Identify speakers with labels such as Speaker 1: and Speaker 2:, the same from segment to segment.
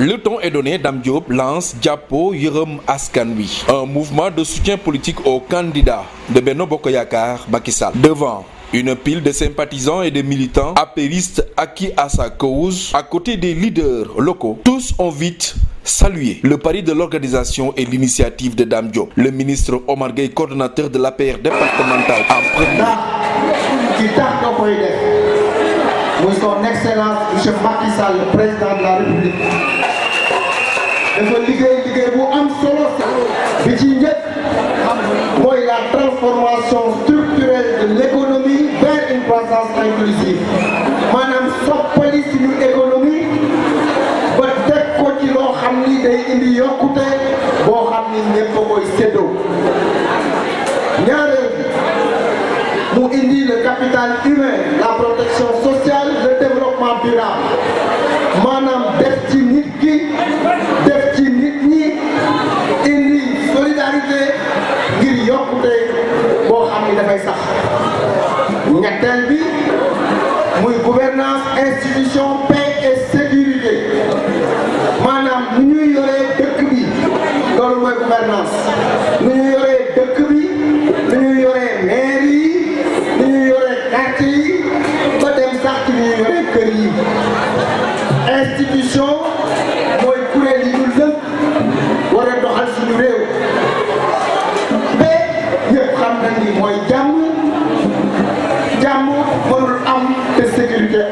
Speaker 1: Le ton est donné, Dame lance Diapo Yerum Askanwi, un mouvement de soutien politique au candidat de Beno Bokoyakar Bakissal. Devant une pile de sympathisants et de militants apéristes acquis à sa cause, à côté des leaders locaux, tous ont vite salué le pari de l'organisation et l'initiative de Dame Le ministre Omar Gueye, coordonnateur de l'APR départemental, en premier.
Speaker 2: Excellence, M. le président de la République, dafa liggéey liggéey bu am solo bi ci njëkk mooy la transformation structurelle de l'économie vers une croissance inclusive maanaam soppali suñu économie ba teg ko ci loo xam ni day indi yokkute boo xam ni ñëpp a koy séddoo ñaareel mu indi le capital Nous avons bi gouvernance institution paix et sécurité Madame nu ñuy dans dëkk gouvernance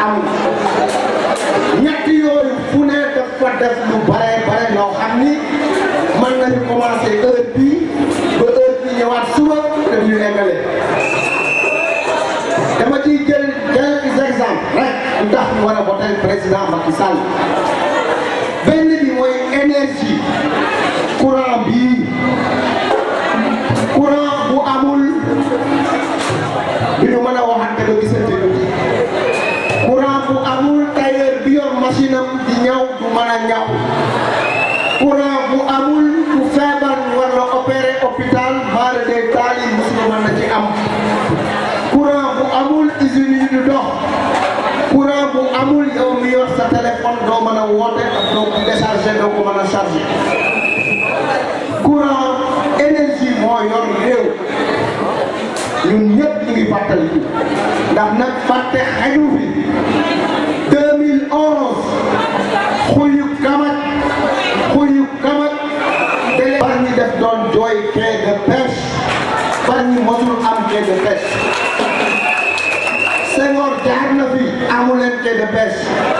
Speaker 2: am ñett yooyu fu ne dafa def lu bare bare loo xam ni nañu commencé heure bii ba heure bii ñëwaat suba te ñu eggale dama ciy jël quelques exemples rek ndax mu président Macky Sall benn bi mooy énergie courant courant bu amul ñu mën waxante gisante bu amul tailleur biar yor machine am di ñaw du mën bu amul ku feebar warna opere opéré hôpital baare day taali musiba mën na am courant bu amul usine yi du dox courant bu amul yow mi yor sa téléphone doo mën a woote ak doo ko déchargé doo ko mën a chargé courant énergie moo yor ñun ñëpp ñu ngi ndax nag fàtte xaju fi 2011 xuyu kamat xuyu kamat télé bar ñi def doon jooy quai de pêche bar ñi mosul am quai de pêche Senghor jaar na fi amu leen de pêche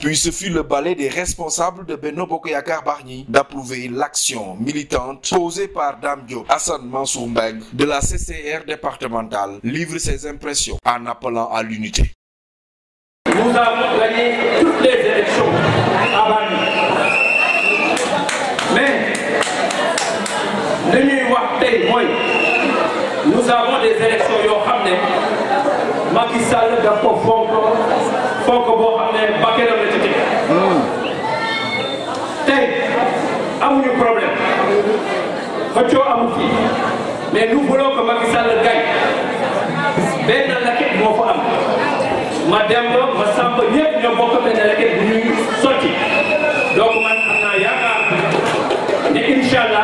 Speaker 1: Puis ce fut le ballet des responsables de Beno Bokoyakar Barni d'approuver l'action militante posée par Dame Hassan Mansoumbeg de la CCR départementale livre ses impressions en appelant à l'unité. Nous
Speaker 3: avons gagné toutes les élections à Mais, nous avons des élections yoo xam ne Macky Sall daf ko fonk fonk xam ne bakkanam la ci teg tey amuñu problème xëccoo amu fi mais nous voulons que Macky Sall gagne benn laquette moo fa am ma dem ba ma sàmp ñëpp ñoo bokk benn laquette bu ñuy sotti donc man am naa yaakaar ne incha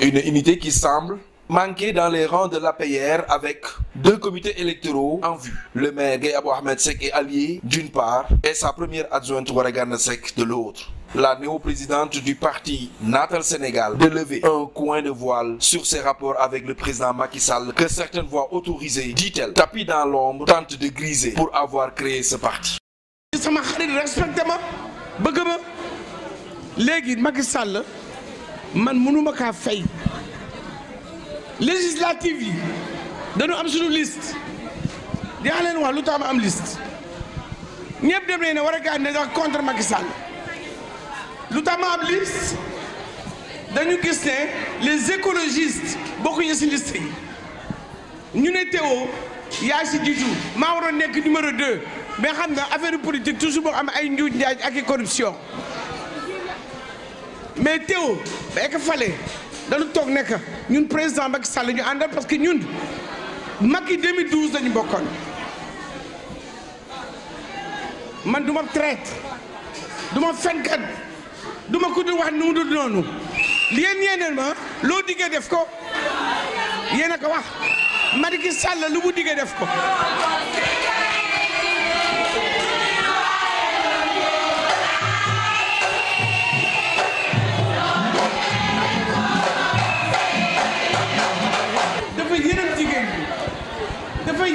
Speaker 1: une unité qui semble. manquer dans les rangs de la PR avec deux comités électoraux en vue. Le maire Gay Ahmed Sek est allié d'une part et sa première adjointe Ouaragane Sek de l'autre. La néo-présidente du parti Natal Sénégal de lever un coin de voile sur ses rapports avec le président Macky Sall que certaines voix autorisées, dit-elle, tapis dans l'ombre, tentent de griser pour avoir créé ce parti
Speaker 4: léegi Macky Sall man mënuma ka fay législative yi dañu am suñu liste yaa leen wax lu tax am liste ñepp dem nañ ne war a gaa ne dax contre Macky Sall lu am liste dañu gis ne les écologistes bokku ñu si liste yi ñu ne Théo yaa si jiitu maa waroon nekk numéro 2 mais xam nga affaire politique toujours boo am ay njuuj njaaj ak corruption mais Théo ba ek fale dañu toog nekk ñun président Macky Sall ñu àndal parce que ñun Macky 2012 dañu bokkoon man du ma duma du duma fenkat du ma ko dul wax nu mu dul noonu yéen ma loo diggee def ko yéen a ko wax Macky Sall lu mu diggee def ko.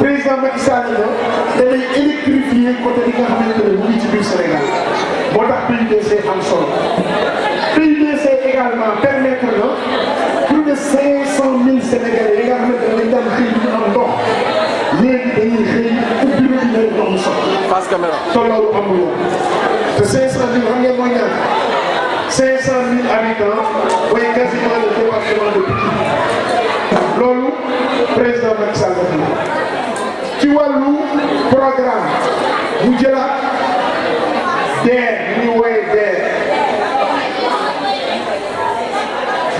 Speaker 5: président Macky Sall
Speaker 2: da lay électrifier côté li nga xamantene mu ngi ci biir Sénégal bo tax pays DC am solo pays DC également permettre na plus de 500 000 Sénégalais yi les xamantene de dem xëy ñu am ndox léegi dañuy xëy ubbi lu ñu leen doon sax. face caméra. te loolu amul woon te 500 000 xam ngeen mooy ñaar 500 000 habitants mooy quasiment le département de Bikini
Speaker 5: loolu président Macky Sall ci wàllu
Speaker 2: programme bu jëlaat DER li ñuy woowee DER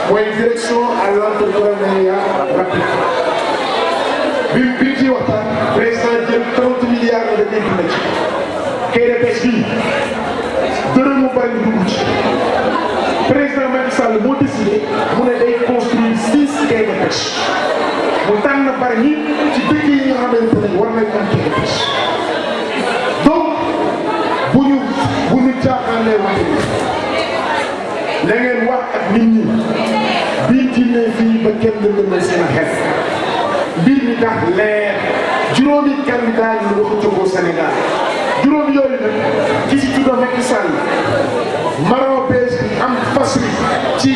Speaker 2: mooy direction à l'entrepreneuriat rapide bi bi ci waxtaan président jël 30 milliards de dégg na ci kay de pêche bi dërëm mu bari dugg ci président Macky Sall moo décidé mu construire six quais de pêche mu tànn bari ñi ci dëkk yi nga xamante ne war nañ am téléphone donc bu ñu a ñu caaxaanee waxi la ngeen wax ak nit ñi bii timmee fii ba kenn lëndëmal seen xel mbir mi tax leer juróomi candidat
Speaker 4: yi wax jogoo Sénégal
Speaker 2: juróom yooyu nag ki ci tudda Macky Sall marron bi am fas ci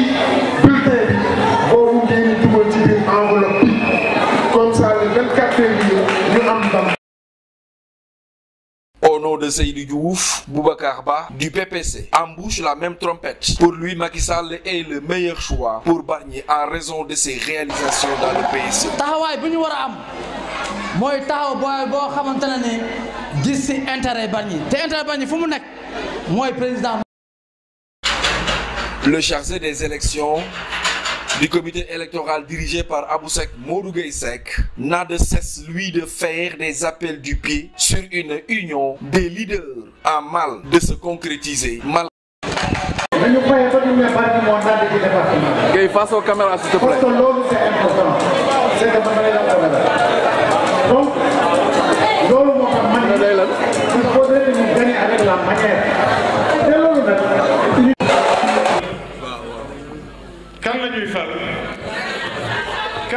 Speaker 1: Le Seydou Diouf, Boubacar Ba du PPC embouche la même trompette. Pour lui, Macky Sall est le meilleur choix pour Bagné en raison de ses réalisations dans le pays.
Speaker 2: E. président.
Speaker 1: Le chargé des élections du comité électoral dirigé par Aboussek Morougaïsek n'a de cesse, lui, de faire des appels du pied sur une union des leaders à mal de se concrétiser. Mal okay, face aux caméras, s'il
Speaker 2: te plaît. c'est important. Donc,
Speaker 4: il faudrait que nous gagnions avec la manière.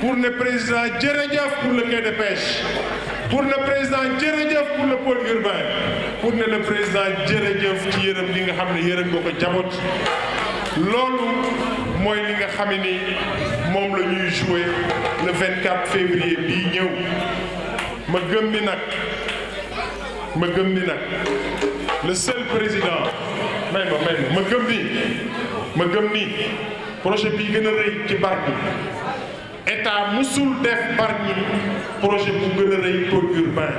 Speaker 5: pour ne président jërëjëf pour le quai de pêche pour ne président jërëjëf pour le pôle urbain pour ne le président jërëjëf ci yërëm li nga xam ne yërëm nga ko jabot loolu mooy li nga xam ni moom la ñuy joué vingt 24 février bii ñëw ma gëm ni nag ma gëm ni nag le seul président may ma may ma ma gëm ni ma projet bii gën a rëy ci barke bi état musul def Bargny projet bu gëna a rëy pôle urbain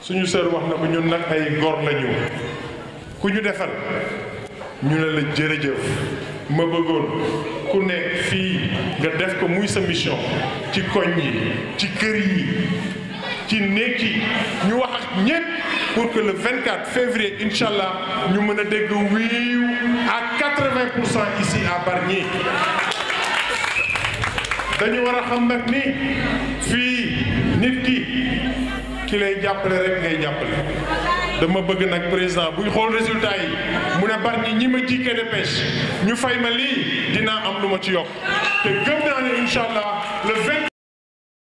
Speaker 5: suñu sër wax na ko ñun nak ay gor lañu ku ñu defal ñu ne la jërëjëf ma bëggoon ku nekk fii nga def ko muy sa mission ci koñ yi ci kër yi ci nekk yi ñu wax ak ñépp pour que le 24 février inshallah ñu mën a dégg wiiw à 80 ici à Bargny. dañu war a xam nag ni fii nit ki ki lay jàppale rek ngay jàppale dama bëgg nag président buy xool résultat yi mu ne ni ñi ma ji KDPES ñu
Speaker 1: fay ma lii dinaa am lu ma ci yokk te gëm naa ne incha allah le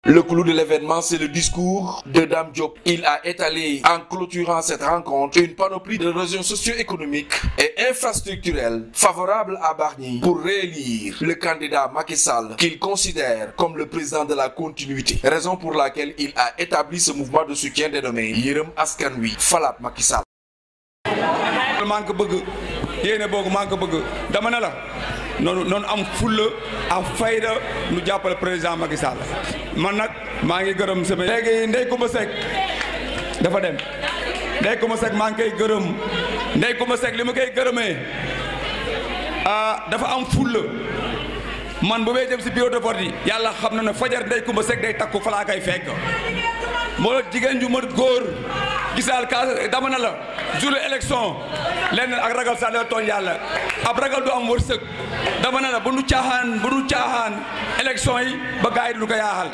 Speaker 1: Le clou de l'événement, c'est le discours de Dame Diop. Il a étalé, en clôturant cette rencontre, une panoplie de raisons socio-économiques et infrastructurelles favorables à Barnier pour réélire le candidat Macky Sall qu'il considère comme le président de la continuité. Raison pour laquelle il a établi ce mouvement de soutien dénommé Yirem Askanui Falap Macky Sall. man nag maa ngi gërëm sama léegi Ndeye Coumba Seck dafa dem Ndeye Coumba Seck maa ngi koy gërëm Ndeye Coumba Seck li ma koy gërëmee ah, dafa am fulla man bu may dem si bureau de vote yi yàlla xam na ne fajar Ndeye Coumba Seck day takku falaa koy fekk moo jigéen ju mat góor gisaal kaas dama na la jour élection lenn ak ragal sa la tooñ yàlla ab ragal du am wërsëg dama na la bu nu caaxaan bu nu caaxaan élection yi ba gars yi du ko yaaxal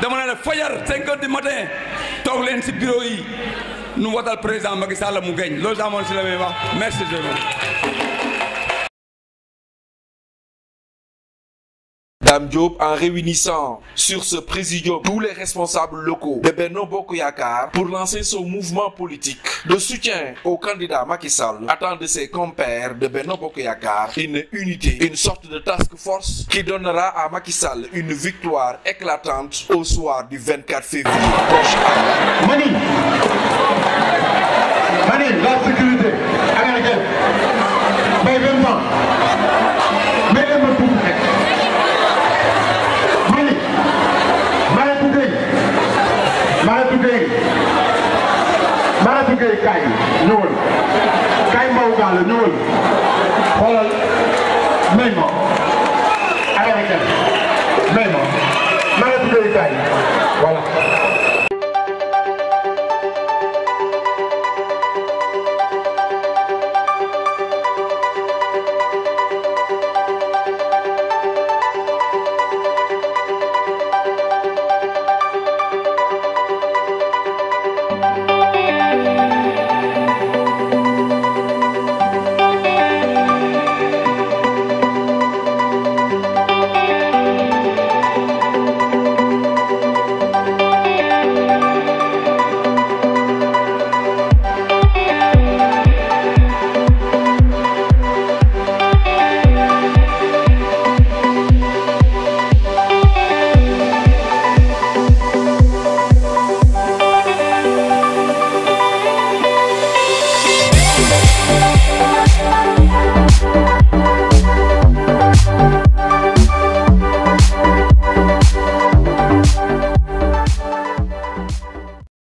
Speaker 1: dama ne fajar 5 heures du matin toog leen si biro yi nu wotal président Macky Sall mu gañ loolu amoon si la may wax merci beaucoup. Dame en réunissant sur ce présidium tous les responsables locaux de Beno Bokoyakar pour lancer son mouvement politique de soutien au candidat Macky Sall attend de ses compères de Beno Bokoyakar une unité, une sorte de task force qui donnera à Macky Sall une victoire éclatante au soir du 24 février
Speaker 2: Kijk, kaay kijk ñëwal kaay Mbow Galla ñëwal xoolal may ma arrêté may ma
Speaker 5: ma